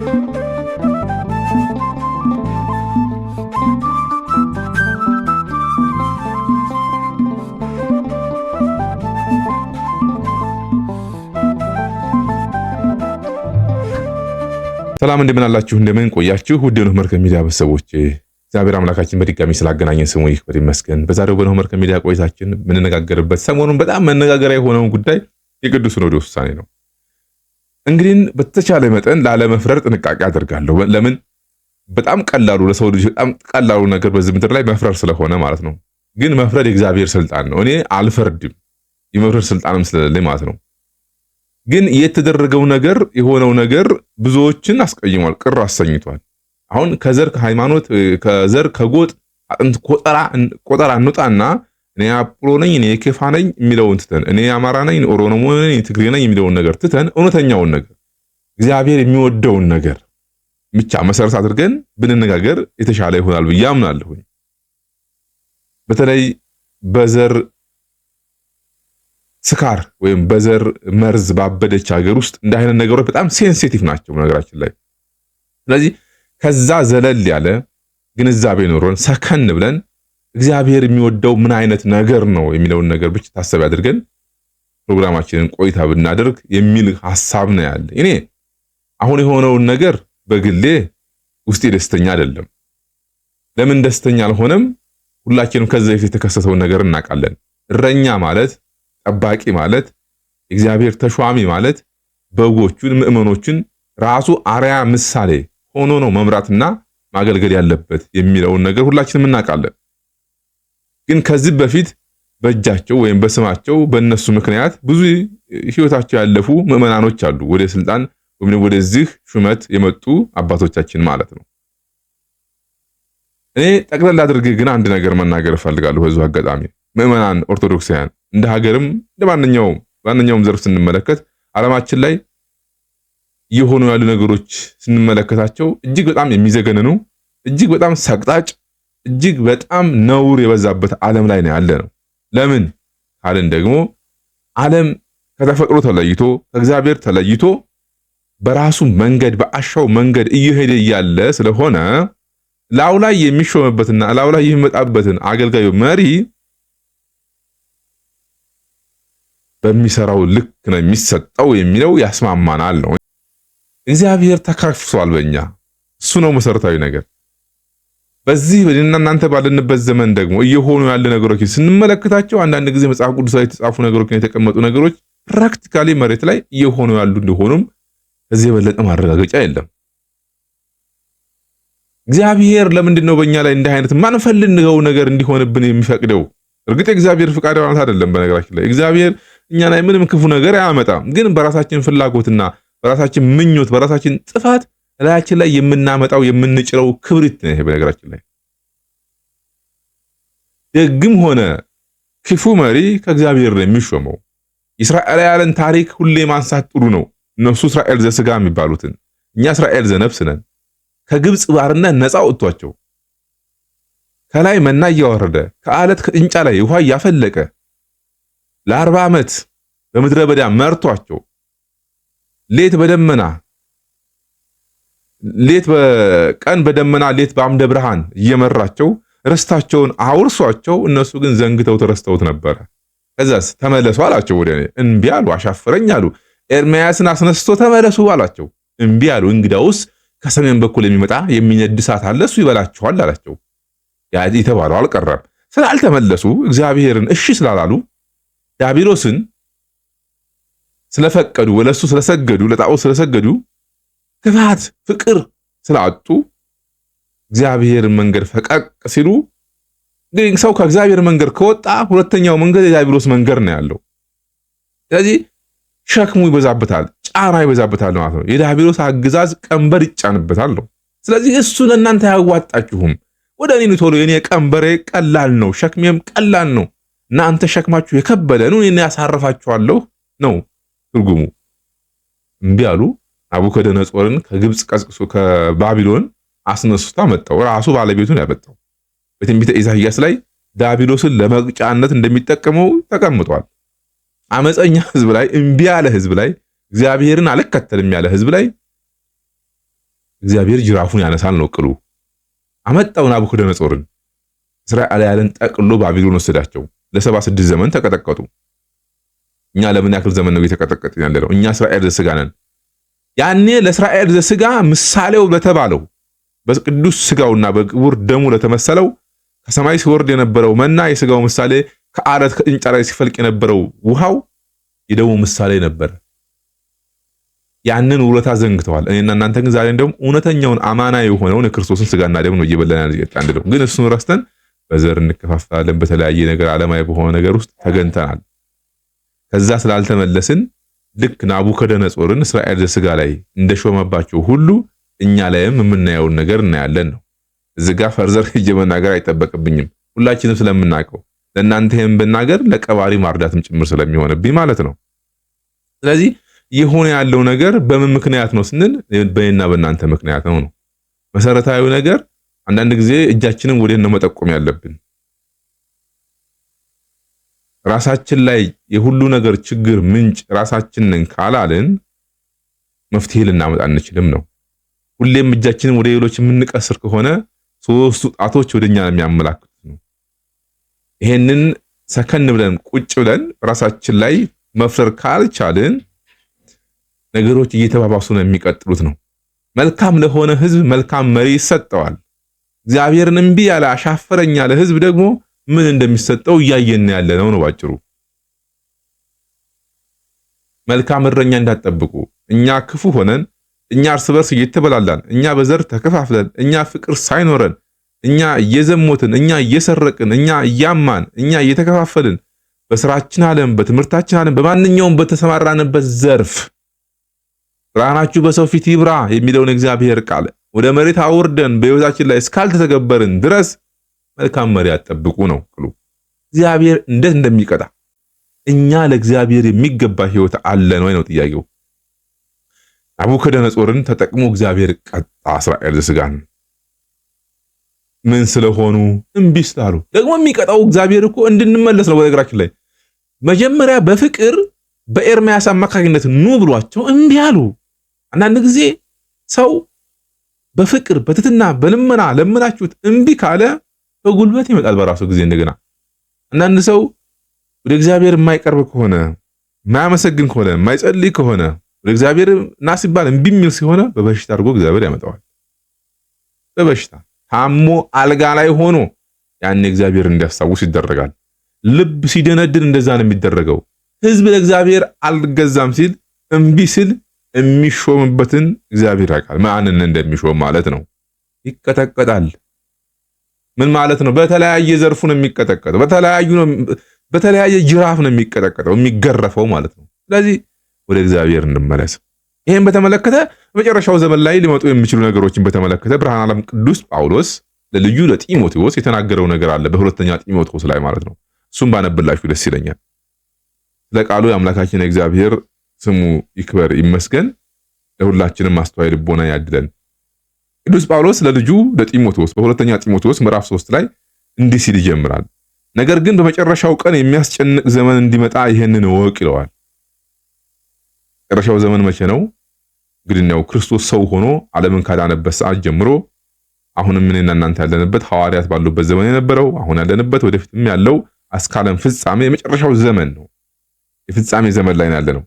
ሰላም እንደምን አላችሁ? እንደምን ቆያችሁ? ውድ የኖህ መርከብ ሚዲያ ቤተሰቦች እግዚአብሔር አምላካችን በድጋሚ ስላገናኘን ስሙ ይክበር ይመስገን። በዛሬው በኖህ መርከብ ሚዲያ ቆይታችን የምንነጋገርበት ሰሞኑን በጣም መነጋገሪያ የሆነውን ጉዳይ የቅዱስ ሲኖዶስ ውሳኔ ነው። እንግዲህ በተቻለ መጠን ላለመፍረር ጥንቃቄ አደርጋለሁ። ለምን በጣም ቀላሉ ለሰው ልጅ በጣም ቀላሉ ነገር በዚህ ምድር ላይ መፍረር ስለሆነ ማለት ነው። ግን መፍረድ የእግዚአብሔር ስልጣን ነው። እኔ አልፈርድም፣ የመፍረድ ስልጣንም ስለሌለኝ ማለት ነው። ግን የተደረገው ነገር የሆነው ነገር ብዙዎችን አስቀይሟል፣ ቅር አሰኝቷል። አሁን ከዘር ከሃይማኖት ከዘር ከጎጥ አጥንት ቆጠራ እንውጣና እኔ አጵሎ ነኝ፣ እኔ ኬፋ ነኝ የሚለውን ትተን እኔ አማራ ነኝ፣ ኦሮሞ ነኝ፣ ትግሬ ነኝ የሚለውን ነገር ትተን እውነተኛውን ነገር እግዚአብሔር የሚወደውን ነገር ብቻ መሰረት አድርገን ብንነጋገር የተሻለ ይሆናል ብዬ አምናለሁኝ። በተለይ በዘር ስካር ወይም በዘር መርዝ ባበደች ሀገር ውስጥ እንደ አይነት ነገሮች በጣም ሴንሲቲቭ ናቸው ነገራችን ላይ። ስለዚህ ከዛ ዘለል ያለ ግንዛቤ ኖሮን ሰከን ብለን እግዚአብሔር የሚወደው ምን አይነት ነገር ነው የሚለውን ነገር ብቻ ታሳቢ አድርገን ፕሮግራማችንን ቆይታ ብናደርግ የሚል ሐሳብ ነው ያለ። እኔ አሁን የሆነውን ነገር በግሌ ውስጤ ደስተኛ አይደለም። ለምን ደስተኛ አልሆነም? ሁላችንም ከዚህ በፊት የተከሰተውን ነገር እናውቃለን። እረኛ ማለት ጠባቂ ማለት እግዚአብሔር ተሿሚ ማለት በጎቹን ምእመኖችን ራሱ አርያ ምሳሌ ሆኖ ነው መምራትና ማገልገል ያለበት የሚለውን ነገር ሁላችንም እናውቃለን። ግን ከዚህ በፊት በእጃቸው ወይም በስማቸው በእነሱ ምክንያት ብዙ ህይወታቸው ያለፉ ምዕመናኖች አሉ። ወደ ስልጣን ወይም ወደዚህ ሹመት የመጡ አባቶቻችን ማለት ነው። እኔ ጠቅለል አድርጌ ግን አንድ ነገር መናገር እፈልጋለሁ። በዚሁ አጋጣሚ ምዕመናን ኦርቶዶክሳውያን፣ እንደ ሀገርም እንደ ማንኛውም ማንኛውም ዘርፍ ስንመለከት ዓለማችን ላይ እየሆኑ ያሉ ነገሮች ስንመለከታቸው እጅግ በጣም የሚዘገንኑ እጅግ በጣም ሰቅጣጭ እጅግ በጣም ነውር የበዛበት ዓለም ላይ ነው ያለ ነው። ለምን ካልን ደግሞ ዓለም ከተፈጥሮ ተለይቶ ከእግዚአብሔር ተለይቶ በራሱ መንገድ በአሻው መንገድ እየሄደ እያለ ስለሆነ ላው ላይ የሚሾምበትና ላው ላይ የሚመጣበትን አገልጋዩ መሪ በሚሰራው ልክ ነው የሚሰጠው የሚለው ያስማማናል ነው። እግዚአብሔር ተካክሷል በእኛ እሱ ነው መሰረታዊ ነገር። በዚህ እናንተ ባለንበት ዘመን ደግሞ እየሆኑ ያለ ነገሮችን ስንመለከታቸው አንዳንድ ጊዜ መጽሐፍ ቅዱስ ላይ የተጻፉ ነገሮች የተቀመጡ ነገሮች ፕራክቲካሊ መሬት ላይ እየሆኑ ያሉ እንደሆኑም ከዚህ የበለጠ ማረጋገጫ የለም። እግዚአብሔር ለምንድን ነው በእኛ ላይ እንዲህ አይነት ማንፈልገው ነገር እንዲሆንብን የሚፈቅደው? እርግጥ የእግዚአብሔር ፍቃድ ማለት አይደለም። በነገራችን ላይ እግዚአብሔር እኛ ላይ ምንም ክፉ ነገር አያመጣም። ግን በራሳችን ፍላጎትና በራሳችን ምኞት በራሳችን ጥፋት እላያችን ላይ የምናመጣው የምንጭረው ክብሪት ነው። ይሄ በነገራችን ላይ ደግም ሆነ ክፉ መሪ ከእግዚአብሔር ነው የሚሾመው። የእስራኤላውያንን ታሪክ ሁሌ ማንሳት ጥሩ ነው። እነሱ እስራኤል ዘስጋ የሚባሉትን እኛ እስራኤል ዘነፍስ ነን። ከግብፅ ባርነት ነፃ ወጥቷቸው ከላይ መና እያወረደ ከአለት ከእንጫ ላይ ውሃ እያፈለቀ ለአርባ ዓመት በምድረ በዳ መርቷቸው ሌት በደመና ሌት በቀን በደመና ሌት በአምደ ብርሃን እየመራቸው ርስታቸውን አውርሷቸው፣ እነሱ ግን ዘንግተው ተረስተውት ነበረ። ከዛስ ተመለሱ አላቸው ወደ እኔ። እምቢ አሉ፣ አሻፈረኝ አሉ። ኤርምያስን አስነስቶ ተመለሱ አላቸው። እምቢ አሉ። እንግዳውስ ከሰሜን በኩል የሚመጣ የሚነድ እሳት አለ፣ እሱ ይበላችኋል አላቸው። የተባለው አልቀረም። ስላልተመለሱ እግዚአብሔርን እሺ ስላላሉ ዳቢሎስን ስለፈቀዱ፣ ወለሱ ስለሰገዱ፣ ለጣዖት ስለሰገዱ ግባት ፍቅር ስላጡ እግዚአብሔር መንገድ ፈቀቅ ሲሉ እንግዲህ ሰው ከእግዚአብሔር መንገድ ከወጣ ሁለተኛው መንገድ የዲያብሎስ መንገድ ነው ያለው። ስለዚህ ሸክሙ ይበዛበታል፣ ጫና ይበዛበታል ማለት ነው። የዲያብሎስ አገዛዝ ቀንበር ይጫንበታል ነው። ስለዚህ እሱ ለእናንተ አያዋጣችሁም። ወደ እኔ ቶሎ፣ የኔ ቀንበሬ ቀላል ነው፣ ሸክሜም ቀላል ነው። እናንተ ሸክማችሁ የከበደ ነው፣ እኔ ያሳርፋችኋለሁ ነው ትርጉሙ። እምቢ አሉ። ናቡከደነጾርን ከግብፅ ቀስቅሶ ከባቢሎን አስነስቶ መጣው። ራሱ ባለቤቱን ያመጣው በትንቢተ ኢሳይያስ ላይ ዳቢሎስን ለመቅጫነት እንደሚጠቀመው ተቀምጧል። አመፀኛ ህዝብ ላይ እምቢ ያለ ህዝብ ላይ እግዚአብሔርን አልከተልም ያለ ህዝብ ላይ እግዚአብሔር ጅራፉን ያነሳል ነው ቅሉ። አመጣው ናቡከደነጾርን እስራኤላውያንን ጠቅሎ ባቢሎን ወሰዳቸው። ለሰባ ስድስት ዘመን ተቀጠቀጡ። እኛ ለምን ያክል ዘመን ነው የተቀጠቀጥን ያለነው? እኛ እስራኤል ዘሥጋ ነን። ያኔ ለእስራኤል ዘስጋ ምሳሌው ለተባለው በቅዱስ ስጋውና በክቡር ደሙ ለተመሰለው ከሰማይ ሲወርድ የነበረው መና የስጋው ምሳሌ፣ ከአለት ከጭንጫ ላይ ሲፈልቅ የነበረው ውሃው የደሙ ምሳሌ ነበር። ያንን ውለታ ዘንግተዋል። እኔና እናንተ ግን ዛሬ እንደውም እውነተኛውን አማና የሆነውን የክርስቶስን ስጋና ደም ነው እየበላን ያለ ግን እሱን ረስተን በዘር እንከፋፈላለን። በተለያየ ነገር ዓለማዊ በሆነ ነገር ውስጥ ተገንተናል። ከዛ ስላልተመለስን ልክ ናቡከደነጾርን እስራኤል ዘስጋ ላይ እንደሾመባቸው ሁሉ እኛ ላይም የምናየውን ነገር እናያለን ነው። እዚህ ጋር ፈርዘር ሄጄ መናገር አይጠበቅብኝም፣ ሁላችንም ስለምናውቀው ለእናንተ ይህም ብናገር ለቀባሪ ማርዳትም ጭምር ስለሚሆንብኝ ማለት ነው። ስለዚህ የሆነ ያለው ነገር በምን ምክንያት ነው ስንል በእኔና በእናንተ ምክንያት ነው ነው መሰረታዊ ነገር። አንዳንድ ጊዜ እጃችንን ወዴት ነው መጠቆም ያለብን? ራሳችን ላይ የሁሉ ነገር ችግር ምንጭ ራሳችን ነን ካላልን መፍትሄ ልናመጣ አንችልም ነው። ሁሌም እጃችንን ወደ ሌሎች የምንቀስር ከሆነ ሶስቱ ጣቶች ወደኛ ነው የሚያመላክቱት ነው። ይሄንን ሰከን ብለን ቁጭ ብለን ራሳችን ላይ መፍረር ካልቻልን ነገሮች እየተባባሱ ነው የሚቀጥሉት ነው። መልካም ለሆነ ህዝብ መልካም መሪ ይሰጠዋል። እግዚአብሔርን እምቢ ያለ አሻፈረኝ ደግሞ ምን እንደሚሰጠው እያየን ያለ ነው ነው ባጭሩ። መልካም እረኛ እንዳትጠብቁ። እኛ ክፉ ሆነን እኛ እርስ በርስ እየተበላላን እኛ በዘር ተከፋፍለን እኛ ፍቅር ሳይኖረን እኛ እየዘሞትን እኛ እየሰረቅን እኛ እያማን እኛ እየተከፋፈልን በስራችን ዓለም በትምህርታችን ዓለም በማንኛውም በተሰማራንበት ዘርፍ ብርሃናችሁ በሰው ፊት ይብራ የሚለውን እግዚአብሔር ቃል ወደ መሬት አውርደን በሕይወታችን ላይ እስካልተተገበርን ድረስ መልካም መሪ አትጠብቁ ነው ቅሉ። እግዚአብሔር እንዴት እንደሚቀጣ እኛ ለእግዚአብሔር የሚገባ ህይወት አለን ወይ ነው ጥያቄው። ናቡከደነጾርን ተጠቅሞ እግዚአብሔር ቀጣ እስራኤል ዘሥጋን ምን ስለሆኑ እምቢ ስላሉ። ደግሞ የሚቀጣው እግዚአብሔር እኮ እንድንመለስ ነው። በነገራችን ላይ መጀመሪያ በፍቅር በኤርሚያስ አማካኝነት ኑ ብሏቸው እምቢ አሉ። አንዳንድ ጊዜ ሰው በፍቅር በትትና በልመና ለምናችሁት እምቢ ካለ በጉልበት ይመጣል በራሱ ጊዜ እንደገና። አንዳንድ ሰው ወደ እግዚአብሔር የማይቀርብ ከሆነ የማያመሰግን ከሆነ የማይጸልይ ከሆነ ወደ እግዚአብሔር ና ሲባል እምቢ የሚል ሲሆነ በበሽታ አድርጎ እግዚአብሔር ያመጣዋል። በበሽታ ታሞ አልጋ ላይ ሆኖ ያኔ እግዚአብሔር እንዲያስታውስ ይደረጋል። ልብ ሲደነድን እንደዛ ነው የሚደረገው። ህዝብ ለእግዚአብሔር አልገዛም ሲል እምቢ ሲል የሚሾምበትን እግዚአብሔር ያውቃል። ማንን እንደሚሾም ማለት ነው። ይቀጠቀጣል። ምን ማለት ነው? በተለያየ ዘርፉ ነው የሚቀጠቀጠው፣ በተለያዩ በተለያየ ጅራፍ ነው የሚቀጠቀጠው የሚገረፈው ማለት ነው። ስለዚህ ወደ እግዚአብሔር እንመለስ። ይህም በተመለከተ በመጨረሻው ዘመን ላይ ሊመጡ የሚችሉ ነገሮችን በተመለከተ ብርሃን ዓለም ቅዱስ ጳውሎስ ለልዩ ለጢሞቴዎስ የተናገረው ነገር አለ በሁለተኛ ጢሞቴዎስ ላይ ማለት ነው። እሱም ባነብላችሁ ደስ ይለኛል። ስለ ቃሉ የአምላካችን እግዚአብሔር ስሙ ይክበር ይመስገን። ለሁላችንም አስተዋይ ልቦና ያድለን። ቅዱስ ጳውሎስ ለልጁ ለጢሞቴዎስ በሁለተኛ ጢሞቴዎስ ምዕራፍ 3 ላይ እንዲህ ሲል ይጀምራል። ነገር ግን በመጨረሻው ቀን የሚያስጨንቅ ዘመን እንዲመጣ ይህንን እወቅ ይለዋል። መጨረሻው ዘመን መቼ ነው? እንግዲህ ክርስቶስ ሰው ሆኖ ዓለምን ካዳነበት ሰዓት ጀምሮ አሁንም እኔና እናንተ ያለንበት ሐዋርያት ባሉበት ዘመን የነበረው አሁን ያለንበት ወደፊትም ያለው አስካለም ፍጻሜ የመጨረሻው ዘመን ነው። የፍጻሜ ዘመን ላይ ያለ ነው።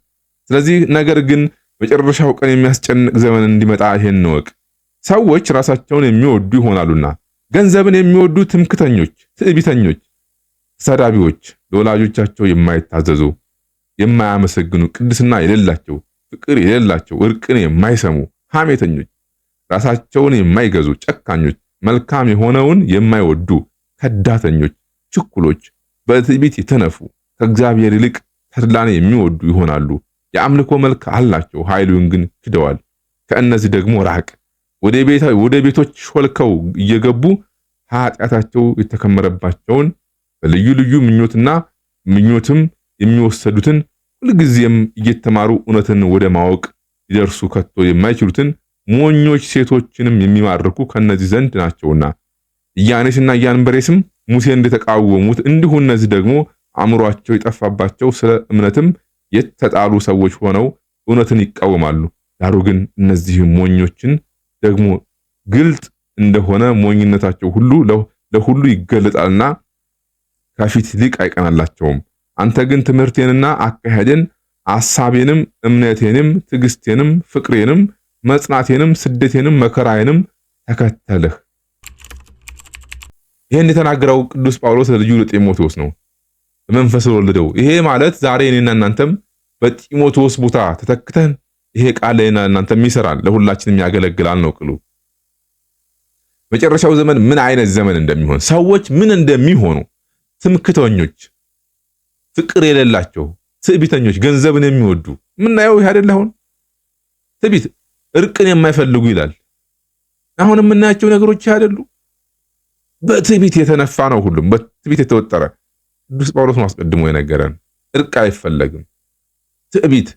ስለዚህ ነገር ግን መጨረሻው ቀን የሚያስጨንቅ ዘመን እንዲመጣ ይሄን እንወቅ ሰዎች ራሳቸውን የሚወዱ ይሆናሉና ገንዘብን የሚወዱ ትምክተኞች፣ ትዕቢተኞች፣ ተሳዳቢዎች፣ ለወላጆቻቸው የማይታዘዙ የማያመሰግኑ፣ ቅድስና የሌላቸው፣ ፍቅር የሌላቸው፣ እርቅን የማይሰሙ፣ ሐሜተኞች፣ ራሳቸውን የማይገዙ፣ ጨካኞች፣ መልካም የሆነውን የማይወዱ፣ ከዳተኞች፣ ችኩሎች፣ በትዕቢት የተነፉ፣ ከእግዚአብሔር ይልቅ ተድላን የሚወዱ ይሆናሉ። የአምልኮ መልክ አላቸው፣ ኃይሉን ግን ክደዋል። ከእነዚህ ደግሞ ራቅ። ወደ ቤቶች ሾልከው እየገቡ ኃጢአታቸው የተከመረባቸውን በልዩ ልዩ ምኞትና ምኞትም የሚወሰዱትን ሁልጊዜም እየተማሩ እውነትን ወደ ማወቅ ሊደርሱ ከቶ የማይችሉትን ሞኞች ሴቶችንም የሚማርኩ ከነዚህ ዘንድ ናቸውና እያኔስና እያንበሬስም ሙሴ እንደተቃወሙት እንዲሁ እነዚህ ደግሞ አእምሯቸው የጠፋባቸው ስለ እምነትም የተጣሉ ሰዎች ሆነው እውነትን ይቃወማሉ። ዳሩ ግን እነዚህ ሞኞችን ደግሞ ግልጥ እንደሆነ ሞኝነታቸው ሁሉ ለሁሉ ይገለጣልና ከፊት ይልቅ አይቀናላቸውም። አንተ ግን ትምህርቴንና አካሄዴን አሳቤንም እምነቴንም ትግስቴንም ፍቅሬንም መጽናቴንም ስደቴንም መከራዬንም ተከተልህ። ይህን የተናገረው ቅዱስ ጳውሎስ ለልጁ ለጢሞቴዎስ ነው። በመንፈስ ወልደው ይሄ ማለት ዛሬ እኔና እናንተም በጢሞቴዎስ ቦታ ተተክተን ይሄ ቃል እናንተ የሚሰራን ለሁላችንም ያገለግላል ነው ቅሉ። መጨረሻው ዘመን ምን አይነት ዘመን እንደሚሆን ሰዎች ምን እንደሚሆኑ ትምክተኞች፣ ፍቅር የሌላቸው፣ ትዕቢተኞች፣ ገንዘብን የሚወዱ የምናየው ይህ አይደል? አሁን ትዕቢት እርቅን የማይፈልጉ ይላል። አሁን የምናያቸው ነገሮች ይህ አይደሉ? በትዕቢት የተነፋ ነው ሁሉም በትዕቢት የተወጠረ። ቅዱስ ጳውሎስ አስቀድሞ የነገረን እርቅ አይፈለግም። ትዕቢት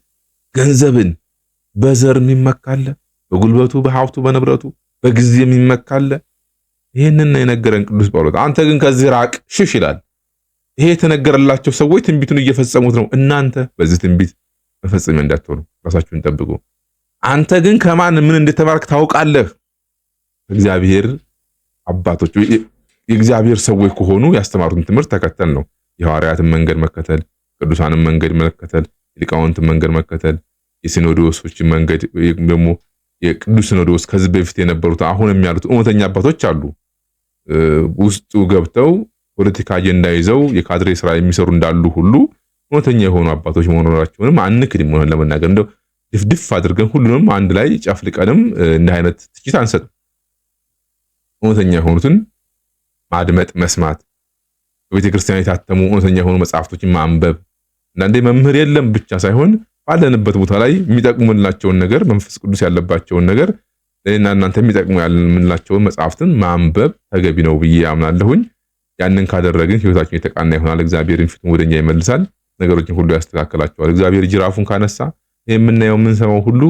ገንዘብን በዘር የሚመካለ፣ በጉልበቱ በሀብቱ በንብረቱ በጊዜ የሚመካለ። ይህንን የነገረን ቅዱስ ጳውሎስ። አንተ ግን ከዚህ ራቅ ሽሽ ይላል። ይሄ የተነገረላቸው ሰዎች ትንቢቱን እየፈጸሙት ነው። እናንተ በዚህ ትንቢት መፈጸሚያ እንዳትሆኑ ራሳችሁን ጠብቁ። አንተ ግን ከማን ምን እንደተማርክ ታውቃለህ። እግዚአብሔር አባቶች የእግዚአብሔር ሰዎች ከሆኑ ያስተማሩትን ትምህርት ተከተል ነው። የሐዋርያትን መንገድ መከተል፣ ቅዱሳንን መንገድ መከተል፣ ሊቃውንትን መንገድ መከተል የሲኖዶሶችን መንገድ ደግሞ የቅዱስ ሲኖዶስ ከዚህ በፊት የነበሩት አሁን የሚያሉት እውነተኛ አባቶች አሉ። ውስጡ ገብተው ፖለቲካ አጀንዳ ይዘው የካድሬ ስራ የሚሰሩ እንዳሉ ሁሉ እውነተኛ የሆኑ አባቶች መኖራቸውንም አንክድም። ሆነን ለመናገር እንደው ድፍድፍ አድርገን ሁሉንም አንድ ላይ ጨፍልቀንም እንዲህ አይነት ትችት አንሰጥም። እውነተኛ የሆኑትን ማድመጥ፣ መስማት፣ በቤተ ክርስቲያን የታተሙ እውነተኛ የሆኑ መጽሐፍቶችን ማንበብ አንዳንዴ መምህር የለም ብቻ ሳይሆን ባለንበት ቦታ ላይ የሚጠቅሙላቸውን ነገር መንፈስ ቅዱስ ያለባቸውን ነገር እና እናንተ የሚጠቅሙ ያለምንላቸውን መጽሐፍትን ማንበብ ተገቢ ነው ብዬ አምናለሁኝ። ያንን ካደረግን ህይወታችን የተቃና ይሆናል። እግዚአብሔርን ፊቱን ወደኛ ይመልሳል። ነገሮችን ሁሉ ያስተካከላቸዋል። እግዚአብሔር ጅራፉን ካነሳ የምናየው የምንሰማው ሁሉ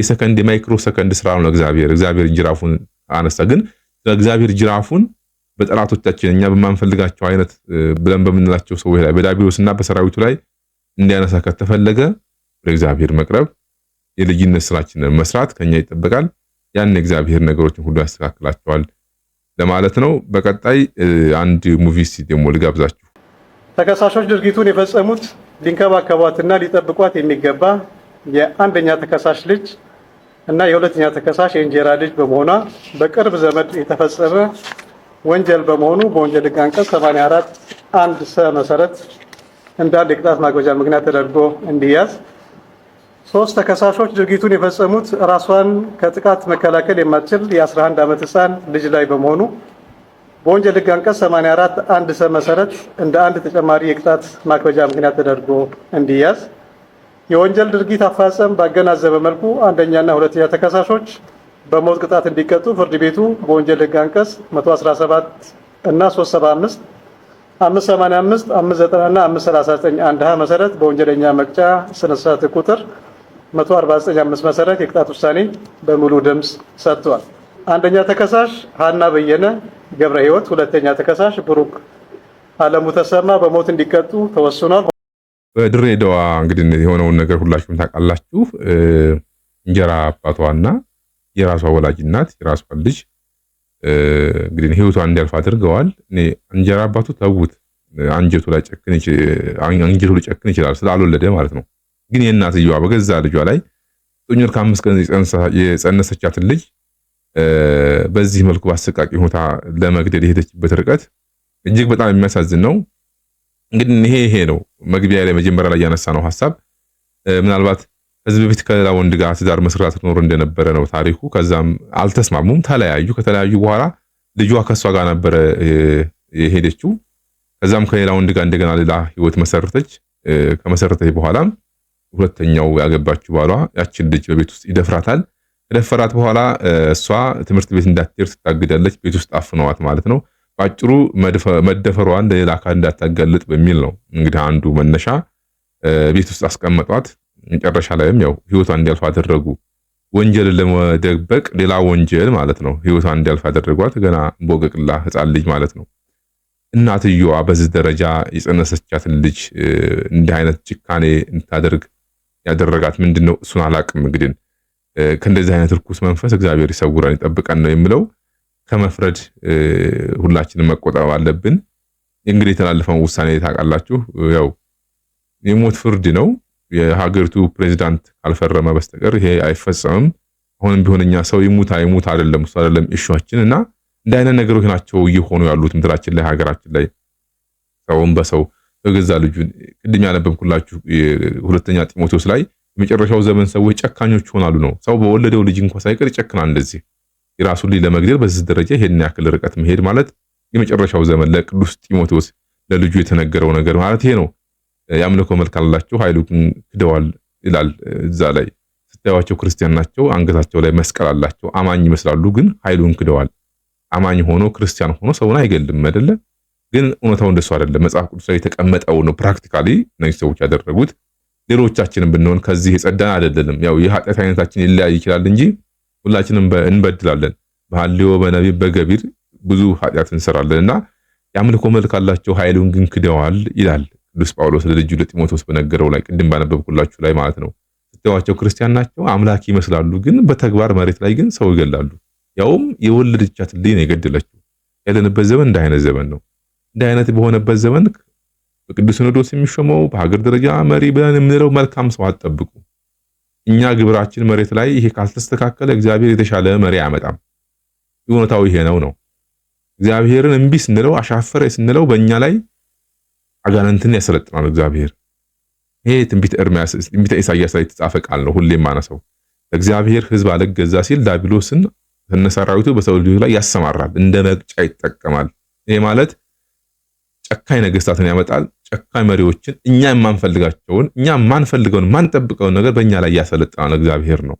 የሰከንድ የማይክሮ ሰከንድ ስራ ነው። እግዚአብሔር እግዚአብሔር ጅራፉን አነሳ። ግን እግዚአብሔር ጅራፉን በጠላቶቻችን እኛ በማንፈልጋቸው አይነት ብለን በምንላቸው ሰዎች ላይ እና በሰራዊቱ ላይ እንዲያነሳ ከተፈለገ ወደ እግዚአብሔር መቅረብ የልጅነት ስራችንን መስራት ከኛ ይጠበቃል። ያን እግዚአብሔር ነገሮችን ሁሉ ያስተካክላቸዋል ለማለት ነው። በቀጣይ አንድ ሙቪ ደግሞ ልጋብዛችሁ። ተከሳሾች ድርጊቱን የፈጸሙት ሊንከባከቧትና ሊጠብቋት የሚገባ የአንደኛ ተከሳሽ ልጅ እና የሁለተኛ ተከሳሽ የእንጀራ ልጅ በመሆኗ በቅርብ ዘመድ የተፈጸመ ወንጀል በመሆኑ በወንጀል ሕግ አንቀጽ 84 አንድ ሰ መሰረት እንዳንድ የቅጣት ማክበጃ ምክንያት ተደርጎ እንዲያዝ ሶስት ተከሳሾች ድርጊቱን የፈጸሙት ራሷን ከጥቃት መከላከል የማትችል የ11 ዓመት ህፃን ልጅ ላይ በመሆኑ በወንጀል ህግ አንቀጽ 84 አንድ ሰ መሰረት እንደ አንድ ተጨማሪ የቅጣት ማክበጃ ምክንያት ተደርጎ እንዲያዝ የወንጀል ድርጊት አፋጸም ባገናዘበ መልኩ አንደኛና ሁለተኛ ተከሳሾች በሞት ቅጣት እንዲቀጡ ፍርድ ቤቱ በወንጀል ህግ አንቀጽ 117 እና 375 585 590 እና 539 አንድ ሀ መሰረት በወንጀለኛ መቅጫ ስነ ቁጥር 149 መሰረት የቅጣት ውሳኔ በሙሉ ድምፅ ሰጥቷል። አንደኛ ተከሳሽ ሀና በየነ ገብረ ህይወት ሁለተኛ ተከሳሽ ብሩክ አለሙ ተሰማ በሞት እንዲቀጡ ተወስኗል። በድሬዳዋ እንግዲህ የሆነውን ነገር ሁላችሁም ታውቃላችሁ። እንጀራ አባቷና የራሷ ወላጅ እናት የራሷ ልጅ እንግዲህ ህይወቷ እንዲያልፍ አድርገዋል። እንጀራ አባቱ ተዉት፣ አንጀቱ ላይ ጨክን አንጀቱ ሊጨክን ይችላል ስላልወለደ ማለት ነው። ግን የእናትየዋ በገዛ ልጇ ላይ ዘጠኝ ወር ከአምስት ቀን የጸነሰቻትን ልጅ በዚህ መልኩ በአሰቃቂ ሁኔታ ለመግደል የሄደችበት ርቀት እጅግ በጣም የሚያሳዝን ነው። እንግዲህ ይሄ ይሄ ነው መግቢያ ላይ መጀመሪያ ላይ ያነሳ ነው ሐሳብ ምናልባት ከዚህ በፊት ከሌላ ወንድ ጋር ትዳር መስራት ኖር እንደነበረ ነው ታሪኩ። ከዛም አልተስማሙም፣ ተለያዩ። ከተለያዩ በኋላ ልጇ ከእሷ ጋር ነበረ የሄደችው። ከዛም ከሌላ ወንድ ጋር እንደገና ሌላ ህይወት መሰረተች። ከመሰረተች በኋላም ሁለተኛው ያገባችው ባሏ ያችን ልጅ በቤት ውስጥ ይደፍራታል። ከደፈራት በኋላ እሷ ትምህርት ቤት እንዳትሄድ ትታግዳለች። ቤት ውስጥ አፍነዋት ማለት ነው። በአጭሩ መደፈሯን ለሌላ አካል እንዳታጋልጥ በሚል ነው እንግዲህ አንዱ መነሻ። ቤት ውስጥ አስቀመጧት። መጨረሻ ላይም ያው ህይወቷ እንዲያልፍ አደረጉ። ወንጀልን ለመደበቅ ሌላ ወንጀል ማለት ነው። ህይወቷ እንዲያልፍ አደረጓት። ገና ቦቅቅላ ህፃን ልጅ ማለት ነው። እናትየዋ በዚህ ደረጃ የጸነሰቻትን ልጅ እንዲህ አይነት ጭካኔ እንታደርግ ያደረጋት ምንድን ነው? እሱን አላቅም። እንግዲህ ከእንደዚህ አይነት እርኩስ መንፈስ እግዚአብሔር ይሰውረን ይጠብቀን ነው የምለው። ከመፍረድ ሁላችንም መቆጠብ አለብን። እንግዲህ የተላለፈውን ውሳኔ ታውቃላችሁ። ያው የሞት ፍርድ ነው። የሀገሪቱ ፕሬዚዳንት ካልፈረመ በስተቀር ይሄ አይፈጸምም። አሁንም ቢሆን እኛ ሰው ይሙት አይሙት አይደለም እሱ አይደለም እሹአችን እና እንደ አይነት ነገሮች ናቸው እየሆኑ ያሉት ምድራችን ላይ ሀገራችን ላይ ሰውን በሰው በገዛ ልጁን ቅድም ያነበብኩላችሁ ሁለተኛ ጢሞቴዎስ ላይ የመጨረሻው ዘመን ሰዎች ጨካኞች ይሆናሉ ነው። ሰው በወለደው ልጅ እንኳ ሳይቀር ይጨክናል። እንደዚህ የራሱን ልጅ ለመግደል በዚህ ደረጃ ይሄን ያክል ርቀት መሄድ ማለት የመጨረሻው ዘመን ለቅዱስ ጢሞቴዎስ ለልጁ የተነገረው ነገር ማለት ይሄ ነው። የአምልኮ መልክ አላቸው፣ ኃይሉን ክደዋል ይላል እዛ ላይ ስታዩቸው ክርስቲያን ናቸው። አንገታቸው ላይ መስቀል አላቸው። አማኝ ይመስላሉ፣ ግን ኃይሉን ክደዋል። አማኝ ሆኖ ክርስቲያን ሆኖ ሰውን አይገልም አይደለም። ግን እውነታው እንደሱ አይደለም። መጽሐፍ ቅዱስ ላይ የተቀመጠው ነው ፕራክቲካሊ እነዚህ ሰዎች ያደረጉት። ሌሎቻችንም ብንሆን ከዚህ የጸዳን አይደለንም። ያው የኃጢአት አይነታችን ይለያይ ይችላል እንጂ ሁላችንም እንበድላለን። በሐልዮ በነቢብ በገቢር ብዙ ኃጢአት እንሰራለን እና የአምልኮ መልክ አላቸው ኃይሉን ግን ክደዋል ይላል ቅዱስ ጳውሎስ ለልጁ ለጢሞቴዎስ በነገረው ላይ ቅድም ባነበብኩላችሁ ላይ ማለት ነው። ስትዋቸው ክርስቲያን ናቸው፣ አምላክ ይመስላሉ፣ ግን በተግባር መሬት ላይ ግን ሰው ይገላሉ። ያውም የወለደቻትን ልጅ ነው የገደለችው። ያለንበት ዘመን እንደ አይነት ዘመን ነው። እንዲህ አይነት በሆነበት ዘመን በቅዱስ ሲኖዶስ የሚሾመው በሀገር ደረጃ መሪ ብለን የምንለው መልካም ሰው አትጠብቁ። እኛ ግብራችን መሬት ላይ ይሄ ካልተስተካከለ እግዚአብሔር የተሻለ መሪ አያመጣም። እውነታው ይሄ ነው ነው እግዚአብሔርን እምቢ ስንለው አሻፈረ ስንለው በእኛ ላይ አጋንንትን ያሰለጥናል እግዚአብሔር። ይሄ ትንቢት ኤርሚያስ ትንቢተ ኢሳያስ ላይ የተጻፈ ቃል ነው። ሁሌም ማነሰው እግዚአብሔር ሕዝብ አልገዛ ሲል ዳቢሎስን ከነሰራዊቱ በሰው ልጆች ላይ ያሰማራል፣ እንደ መቅጫ ይጠቀማል። ይሄ ማለት ጨካኝ ነገስታትን ያመጣል። ጨካኝ መሪዎችን፣ እኛ የማንፈልጋቸውን እኛ የማንፈልገውን ማንጠብቀውን ነገር በእኛ ላይ እያሰለጥናል እግዚአብሔር ነው።